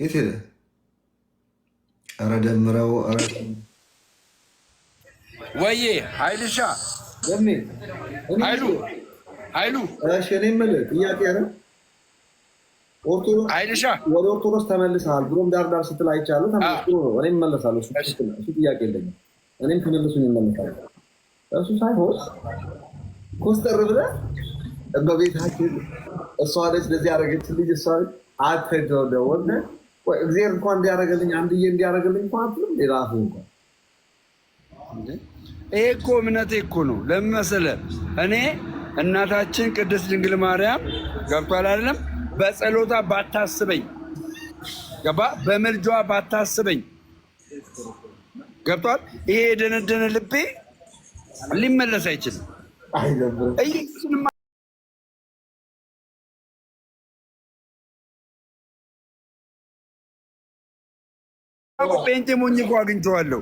የት ሄደ? ኧረ ደምረው ወይዬ ሀይልሻ ሀይሉ ሀይሉ እኔ የምልህ ጥያቄ ነው። ኦርቶዶክስ ወደ ኦርቶዶክስ ተመልሰሃል ብሎም ዳር ዳር ስትል አይቻለሁ። ተመልሶ ነው እኔም እመለሳለሁ። እሱ ጥያቄ የለኝም። እኔም ተመልሱን እመለሳለሁ። እሱ ሳይሆን ኮስተር ብለህ እመቤታችን እሷ ነች እንደዚህ ያደረገችልኝ እሷ አንተ ደወነ እግዚአብሔር እንኳን እንዲያደረገልኝ አንድዬ እንዲያደረገልኝ እንኳ አትልም። ሌላ አፍ እንኳን ይሄ እኮ እምነቴ እኮ ነው። ለምን መሰለህ እኔ እናታችን ቅድስት ድንግል ማርያም ገብቷል አይደለም? በጸሎታ ባታስበኝ ገባ፣ በምልጇ ባታስበኝ ገብቷል። ይሄ የደነደነ ልቤ ሊመለስ አይችልም። እሱንማ ጴንጤ ሞኝ እኮ አግኝቼዋለሁ።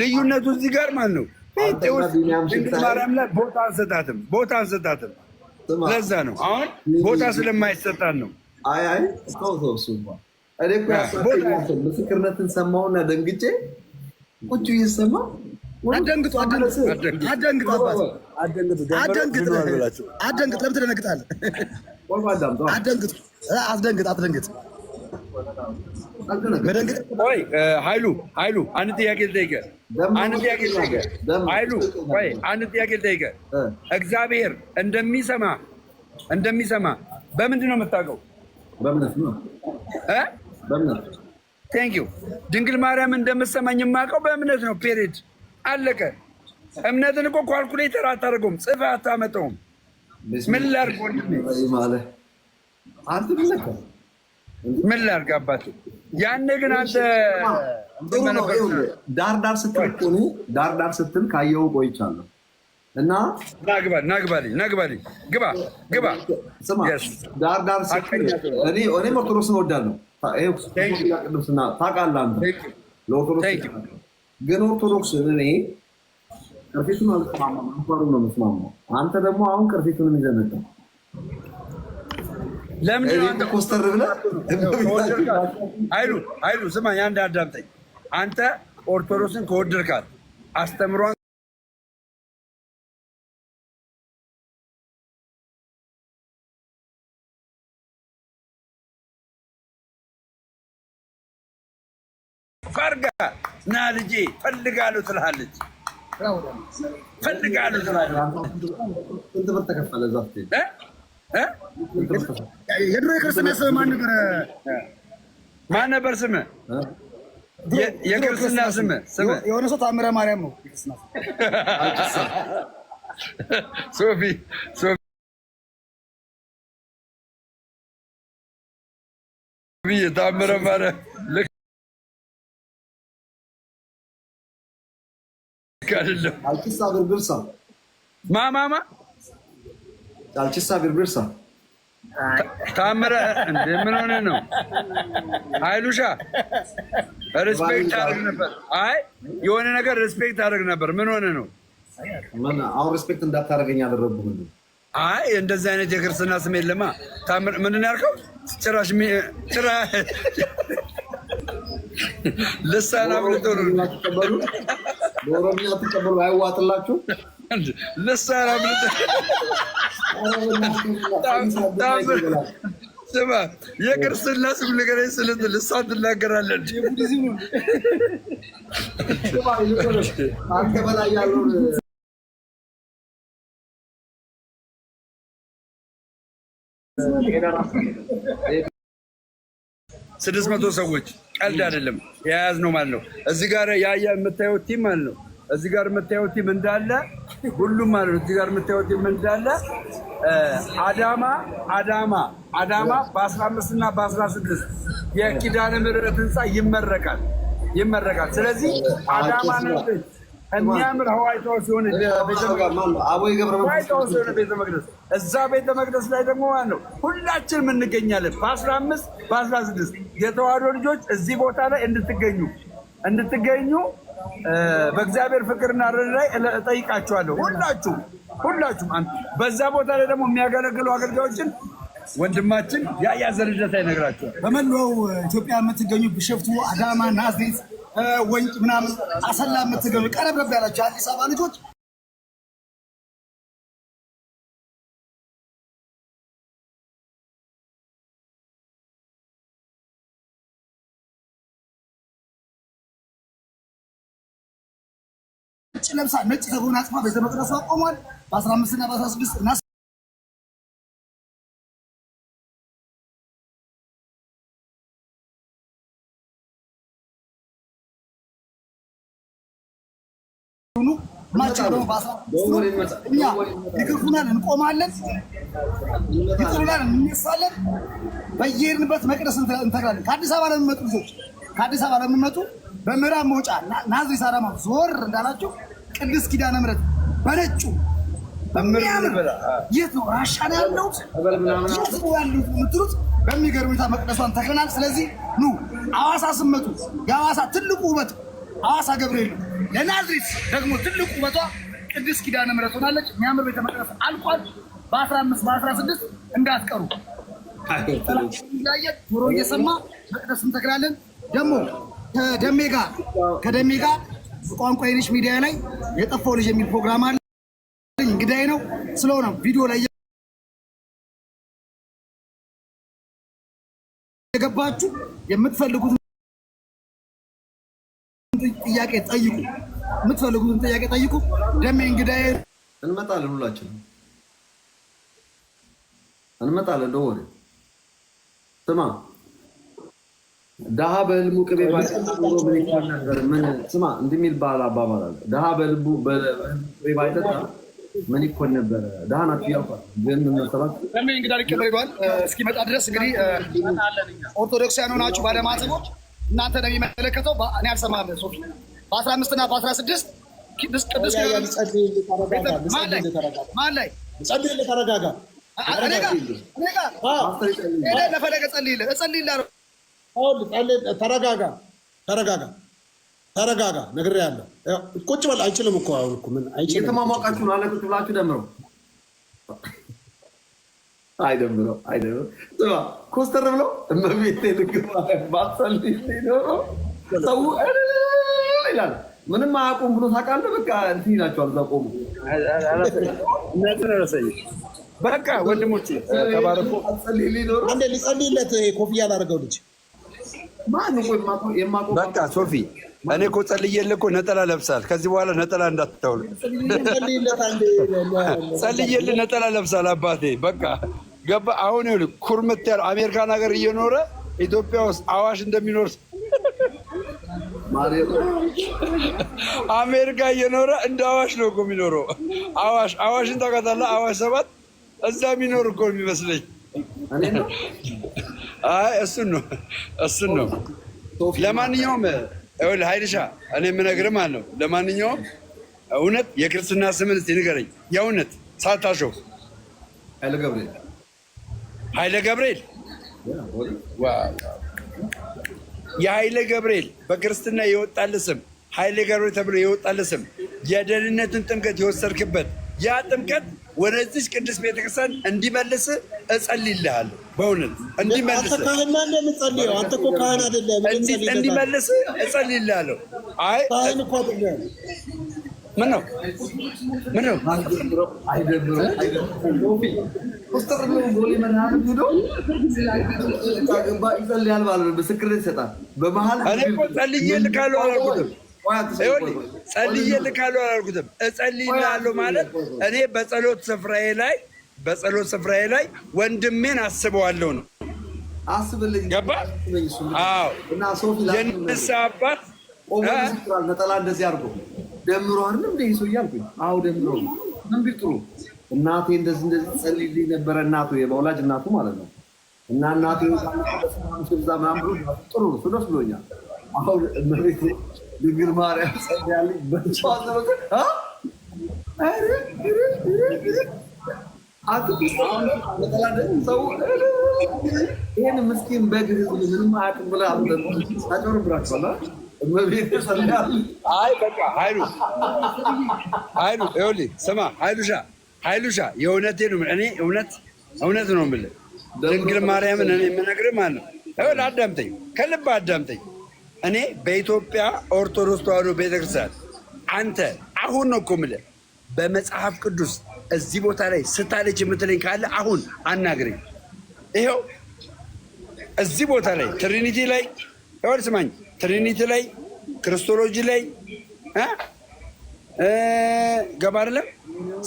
ልዩነቱ እዚህ ጋር ማለት ነው። ማርያም ላይ ቦታ አንሰጣትም፣ ቦታ አንሰጣትም። ለዛ ነው አሁን ቦታ ስለማይሰጣት ነው። አይ አይ እኔ እኮ ምስክርነትን ሰማሁና ደንግጬ ቁጭ ቆይ ኃይሉ ኃይሉ አንድ ጥያቄ ልጠይቅህ፣ አንድ ጥያቄ ልጠይቅህ። ኃይሉ ቆይ አንድ ጥያቄ ልጠይቅህ። እግዚአብሔር እንደሚሰማ እንደሚሰማ በምንድን ነው የምታውቀው? ቴንክ ዩ። ድንግል ማርያም እንደምትሰማኝ የማውቀው በእምነት ነው። ፔሬድ አለቀ። እምነትን እኮ ኳልኩሌተር አታደርገውም፣ ጽፈህ አታመጣውም። ምን ላድርግ ወንድሜ ምን ላድርግ አባቴ። ያኔ ግን አንተ ዳር ዳር ስትል እኮ እኔ ስትል ካየው ቆይቻለሁ። እና ናግባ ናግባ ግባ ግባ ዳር ዳር ስትል እወዳለሁ። ቅዱስና ታውቃለህ አንተ ለኦርቶዶክስ ግን ኦርቶዶክስ እኔ ቅርፊቱን አልስማማም፣ ነው የምስማማው። አንተ ደግሞ አሁን ቅርፊቱን ይዘህ መጣህ ለምንድን ኮስተር ብለህ አይሉ አይሉ ስማ፣ የአንድ አዳምጠኝ። አንተ ኦርቶዶክስን ከወደድካት አስተምሯን ፈርጋ ና ልጄ ፈልጋለሁ ትልሃለች ፈልጋለሁ ትልሃለች የድሮ የክርስትና ስም ማን ማን ነበር ስም? የክርስትና ስም የሆነ ሰው ታምረ ማርያም ነው። ሶፊ ሶፊ ታምረ ማርያም አይደለም። ማማማ ጫልችሳ ብርብርሳ ታምረ እንደምን ሆነ ነው ሀይሉሻ ሪስፔክት አደርግ ነበር። አይ የሆነ ነገር ሪስፔክት አደርግ ነበር። ምን ሆነ ነው አሁን ሪስፔክት እንዳታደርገኝ አደረጉህ? አይ እንደዚህ አይነት የክርስትና ስም የለማ። ምንድን ያልከው? ጭራሽ ጭራ ልሳና ነው። ኦሮምኛ ትቀበሉ አይዋጥላችሁ ስማ የቅርስና ስም ንገረኝ ስልት ልሳን ትናገራለን። ስድስት መቶ ሰዎች ቀልድ አይደለም ነው ማለት ነው። እዚህ ጋር ያያ የምታየው ቲም ማለት ነው። እዚህ ጋር የምታየው ቲም እንዳለ ሁሉም ማለት እዚህ ጋር የምታዩት እንዳለ አዳማ አዳማ አዳማ በ15 እና በ16 የኪዳነ ምሕረት ህንፃ ይመረቃል ይመረቃል። ስለዚህ አዳማ የሚያምር ሀዋይ ሀውስ ሲሆን ቤተ መቅደስ እዛ ቤተ መቅደስ ላይ ደግሞ ማለት ነው ሁላችንም እንገኛለን። በ15 በ16 የተዋህዶ ልጆች እዚህ ቦታ ላይ እንድትገኙ እንድትገኙ በእግዚአብሔር ፍቅርና ርኅራኄ እጠይቃችኋለሁ። ሁላችሁ ሁላችሁም በዛ ቦታ ላይ ደግሞ የሚያገለግሉ አገልጋዮችን ወንድማችን ያያ ዘርደታ ይነግራቸዋል። በመላው ኢትዮጵያ የምትገኙ ብሸፍቱ አዳማ፣ ናዝሬት፣ ወንጭ ምናምን አሰላ የምትገኙ ቀረብ ረብ ያላቸው አዲስ አበባ ልጆች ለብሳ ነጭ ተጎናጽፋ ቤተ መቅደሱ አቆሟል። በአስራ አምስትና በአስራ ስድስት እና ማቸው ደግሞ በአስራ እኛ ይገርፉናል፣ እንቆማለን፣ ይጥሩናል፣ እንነሳለን። በየሄድንበት መቅደስ እንተክላለን። ከአዲስ አበባ ለሚመጡ ልጆች ከአዲስ አበባ ለሚመጡ በምዕራብ መውጫ ናዝሬት አዳማ ዞር እንዳላቸው ቅድስት ኪዳነ ምሕረት በነጩ በሚያምር የት ነው ራሻ ነው ያለው የት ነው ያሉት የምትሉት በሚገርም ሁኔታ መቅደሷን ተክለናል። ስለዚህ ኑ ሐዋሳ ስመጡ የሐዋሳ ትልቁ ውበት ገብርኤል ነው። ለናዝሬት ደግሞ ትልቁ ውበቷ ቅድስት ኪዳነ ምሕረት ሆናለች። የሚያምር ቤተ መቅደስ አልቋል። 15 እንዳትቀሩ ጆሮ እየሰማ መቅደስ እንተክላለን። ደግሞ ከደሜ ጋር ከደሜ ጋር በቋንቋ የነሽ ሚዲያ ላይ የጠፋው ልጅ የሚል ፕሮግራም አለ። እንግዳይ ነው ስለሆነ ቪዲዮ ላይ የገባችሁ የምትፈልጉትን ጥያቄ ጠይቁ። የምትፈልጉትን ጥያቄ ጠይቁ። ደሜ እንግዳይ እንመጣለን፣ ሁላችንም እንመጣለን። ደወሬ ስማ ድሀ በህልሙ ቅቤ ባይጠጣ ምን ስማ እንደሚል ባህል አባባል አለ። ድሀ በህልሙ ቅቤ ባይጠጣ ምን ይኮን ነበረ? ድሀ ናት ያውቃል። ግን መሰላት እንግዳልቅ ይባል እስኪመጣ ድረስ እንግዲህ ኦርቶዶክሳውያን ሆናችሁ ባለማተቦች እናንተ ነው የሚመለከተው። እኔ አልሰማም። ሶፊ በአስራ አምስት እና በአስራ ስድስት ቅዱስ ቅዱስ ማን ላይ ጸልይልህ፣ ተረጋጋ። እኔ ጋር ለፈለገ ጸልይልህ፣ እጸልይልህ ተረጋጋ፣ ተረጋጋ፣ ተረጋጋ ተረጋጋ ተረጋጋ ቁጭ በል። አይችልም እኮ አሁን እኮ ምን አይችልም። አለ። ቁጭ ብላችሁ ደምረው። ኮስተር ብለው እመቤቴ ልግባ ሰው ይላል። ምንም አያውቁም ብሎ ታውቃለህ። በቃ እንትን ይላቸዋል። እዛ ቆሙ በቃ ወንድሞቼ ተባረኩ። ሊጸልይለት ኮፍያ ላደርገው ልጅ በቃ ሶፊ እኔ እኮ ጸልዬልህ እኮ ነጠላ ለብሳል። ከዚህ በኋላ ነጠላ እንዳትተውል ጸልዬልህ ነጠላ ለብሳል። አባቴ በቃ ገባ። አሁን ይኸውልህ ኩርምት አሜሪካን ሀገር እየኖረ ኢትዮጵያ ውስጥ አዋሽ እንደሚኖር አሜሪካ እየኖረ እንደ አዋሽ ነው እኮ የሚኖረው። አዋሽ አዋሽን ታውቃታለህ? አዋሽ ሰባት እዛ የሚኖር እኮ የሚመስለኝ አይ እሱን ነው እሱን ነው። ለማንኛውም ይኸውልህ ሀይልሻ እኔ የምነግርህ ለማንኛውም እውነት የክርስትና ስምን እስኪ ንገረኝ። የእውነት ኃይለ ገብርኤል ኃይለ ገብርኤል የኃይለ ገብርኤል በክርስትና የወጣልህ ስም ኃይለ ገብርኤል ተብሎ የወጣልህ ስም የደህንነትን ጥምቀት የወሰድክበት ያ ጥምቀት ወደዚች ቅዱስ ቤተክርስቲያን እንዲመልስ እጸልይልሃለሁ። በእውነት እንዲመልስ እንዲመልስ እጸልይልሃለሁ። አይ ምን ነው ምን ነው ጸልዬ ልካለሁ አላልኩትም ጸልዬ ልካለሁ አላልኩትም። እጸልይልሃለሁ ማለት እኔ በጸሎት ስፍራዬ ላይ በጸሎት ስፍራዬ ላይ ወንድሜን አስበዋለሁ ነው። አስብልኝ ገባህ? አዎ የንስ አባት ነጠላ እንደዚህ አድርጎ ደምሮ አይደል እንደ ይሶ እያልኩኝ አዎ ደምሮ ምን ቢል እናቴ እንደዚህ እንደዚህ ጸልይልኝ ነበረ። እናቱ የመውላጅ እናቱ ማለት ነው። እና እናቴ ጥሩ ነው። ስለስ ብሎኛል አሁን ድንግል ማርያም ጸልያለች በልቻዋ ዘመተ ምስኪን በግር ምንም አያውቅም ብለህ አጭበረብራቸዋል። እመቤቴ አይ በቃ ሀይሉ ሀይሉ ይኸውልህ፣ ስማ ሀይሉሻ ሀይሉሻ የእውነቴ ነው። እኔ እውነት እውነት ነው የምልህ ድንግል ማርያምን እኔ የምነግርህ ማለት ነው። ይኸውልህ አዳምጠኝ፣ ከልብ አዳምጠኝ እኔ በኢትዮጵያ ኦርቶዶክስ ተዋህዶ ቤተክርስቲያን አንተ አሁን ነው እኮ የምልህ በመጽሐፍ ቅዱስ እዚህ ቦታ ላይ ስታለች የምትለኝ ካለ አሁን አናግረኝ። ይኸው እዚህ ቦታ ላይ ትሪኒቲ ላይ ይኸውልህ፣ ስማኝ፣ ትሪኒቲ ላይ ክርስቶሎጂ ላይ ገባ አይደለም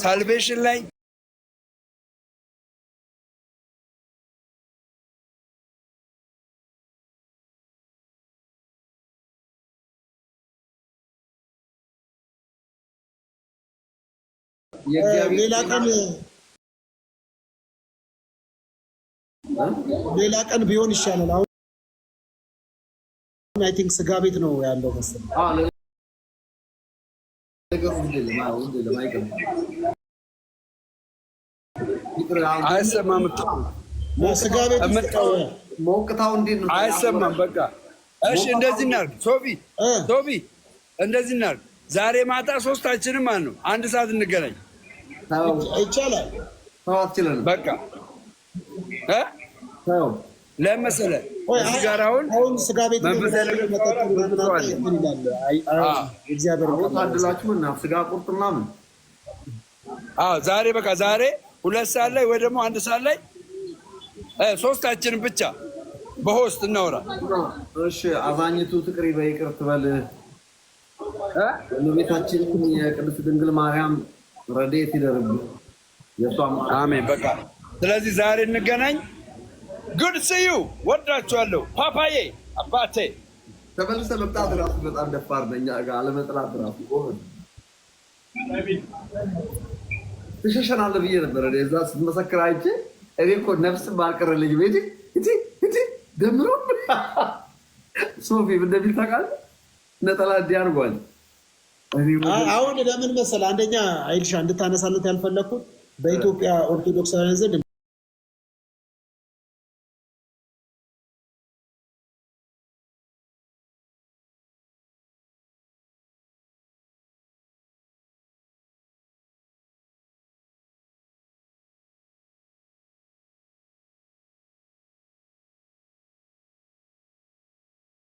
ሳልቬሽን ላይ ሌላ ቀን ሌላ ቀን ቢሆን ይሻላል። አሁን አይ ቲንክ ስጋ ቤት ነው ያለው መሰለኝ። አይሰማም። በቃ እሺ፣ እንደዚህ እናድርግ። ሶፊ ሶፊ፣ እንደዚህ እናድርግ። ዛሬ ማታ ሶስታችንም ማለት ነው አንድ ሰዓት እንገናኝ። ይቻላል። በቃ ለምን መሰለህ አሁን ስጋ ቤት ታድላችሁ ስጋ ቁርጥ ምናምን ዛሬ በቃ ዛሬ ሁለት ሰዓት ላይ ወይ ደግሞ አንድ ሰዓት ላይ ሶስታችንን ብቻ በሆስት እናውራ። እሺ አዛኝቱ ትቅሪ በይቅር ትበል እመቤታችን የቅድስት ድንግል ማርያም ረዴት የሷም አሜን። በቃ ስለዚህ ዛሬ እንገናኝ። ጉድ ስዩ ወዳችኋለሁ። ፓፓዬ አባቴ ተመልሰ መምጣት ራሱ በጣም ደፋር ነህ። ጋር አለመጥላት ራሱ ትሸሸናለህ ብዬ ነበረ። እዛ ስትመሰክር አይቼ እኔ እኮ ነፍስም ባልቀረልኝ ቤት እቲ እቲ ደምሮ ሶፊ እንደሚል ታውቃለህ ነጠላ እንዲህ አድርጓል። አሁን ለምን መሰል አንደኛ አይልሻ እንድታነሳለት ያልፈለግኩት በኢትዮጵያ ኦርቶዶክሳውያን ዘንድ